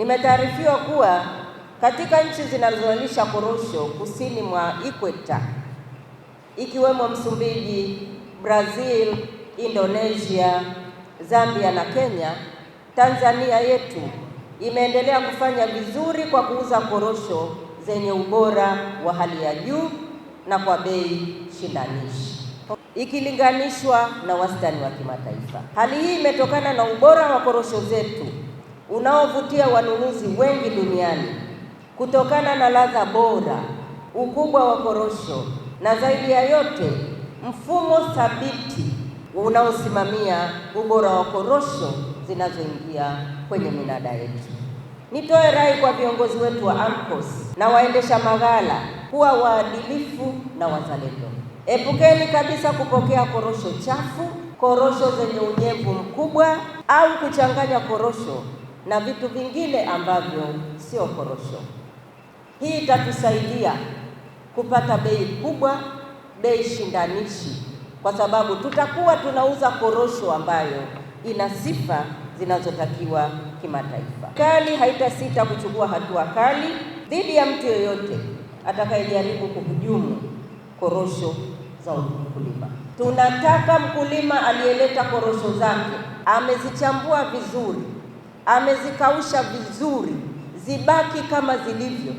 Nimetaarifiwa kuwa katika nchi zinazozalisha korosho kusini mwa ikweta ikiwemo Msumbiji, Brazil, Indonesia, Zambia na Kenya, Tanzania yetu imeendelea kufanya vizuri kwa kuuza korosho zenye ubora wa hali ya juu na kwa bei shindanishi ikilinganishwa na wastani wa kimataifa. Hali hii imetokana na ubora wa korosho zetu unaovutia wanunuzi wengi duniani kutokana na ladha bora, ukubwa wa korosho na zaidi ya yote mfumo thabiti unaosimamia ubora wa korosho zinazoingia kwenye minada yetu. Nitoe rai kwa viongozi wetu wa AMCOS na waendesha maghala kuwa waadilifu na wazalendo. Epukeni kabisa kupokea korosho chafu, korosho zenye unyevu mkubwa au kuchanganya korosho na vitu vingine ambavyo sio korosho. Hii itatusaidia kupata bei kubwa, bei shindanishi, kwa sababu tutakuwa tunauza korosho ambayo ina sifa zinazotakiwa kimataifa. Kali haitasita kuchukua hatua kali dhidi ya mtu yoyote atakayejaribu kuhujumu korosho za mkulima. Tunataka mkulima aliyeleta korosho zake amezichambua vizuri amezikausha vizuri, zibaki kama zilivyo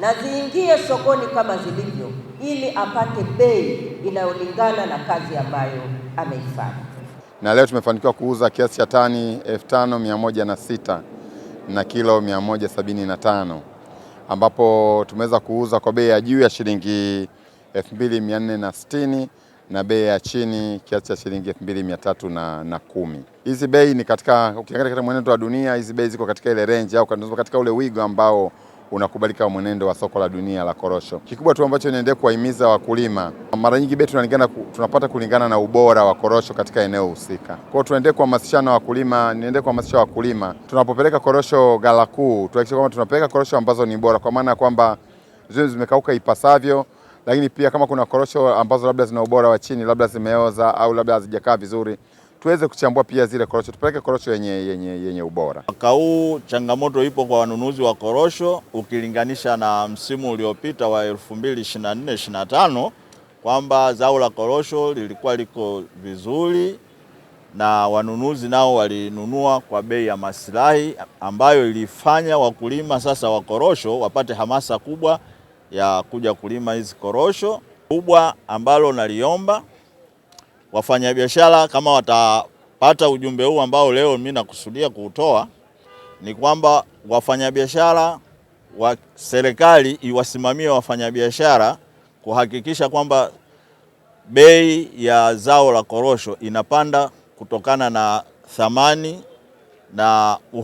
na ziingie sokoni kama zilivyo, ili apate bei inayolingana na kazi ambayo ameifanya. Na leo tumefanikiwa kuuza kiasi cha tani 5106 na kilo 175 ambapo tumeweza kuuza kwa bei ya juu ya shilingi 2460 na bei ya chini kiasi cha shilingi elfu mbili mia tatu na, na kumi. Hizi bei ni katika ukiangalia katika mwenendo wa dunia, hizi bei ziko katika ile range au katika ule wigo ambao unakubalika mwenendo wa soko la dunia la korosho. Kikubwa tu ambacho inaendelea kuwahimiza wakulima, mara nyingi bei tunalingana tunapata kulingana na ubora wa korosho katika eneo husika. Kwa hiyo tunaendelea kuhamasishana wakulima, niendelee kuhamasisha wakulima, tunapopeleka korosho ghala kuu, tuhakikishe kwamba tunapeleka korosho ambazo ni bora, kwa maana ya kwamba zile zimekauka ipasavyo lakini pia kama kuna korosho ambazo labda zina ubora wa chini, labda zimeoza au labda hazijakaa vizuri, tuweze kuchambua pia zile korosho, tupeleke korosho yenye, yenye, yenye ubora. Mwaka huu changamoto ipo kwa wanunuzi wa korosho ukilinganisha na msimu uliopita wa 2024 25 kwamba zao la korosho lilikuwa liko vizuri na wanunuzi nao walinunua kwa bei ya maslahi ambayo ilifanya wakulima sasa wa korosho wapate hamasa kubwa ya kuja kulima hizi korosho. Kubwa ambalo naliomba wafanyabiashara kama watapata ujumbe huu ambao leo mimi nakusudia kuutoa, ni kwamba wafanyabiashara wa serikali iwasimamie wafanyabiashara kuhakikisha kwamba bei ya zao la korosho inapanda kutokana na thamani na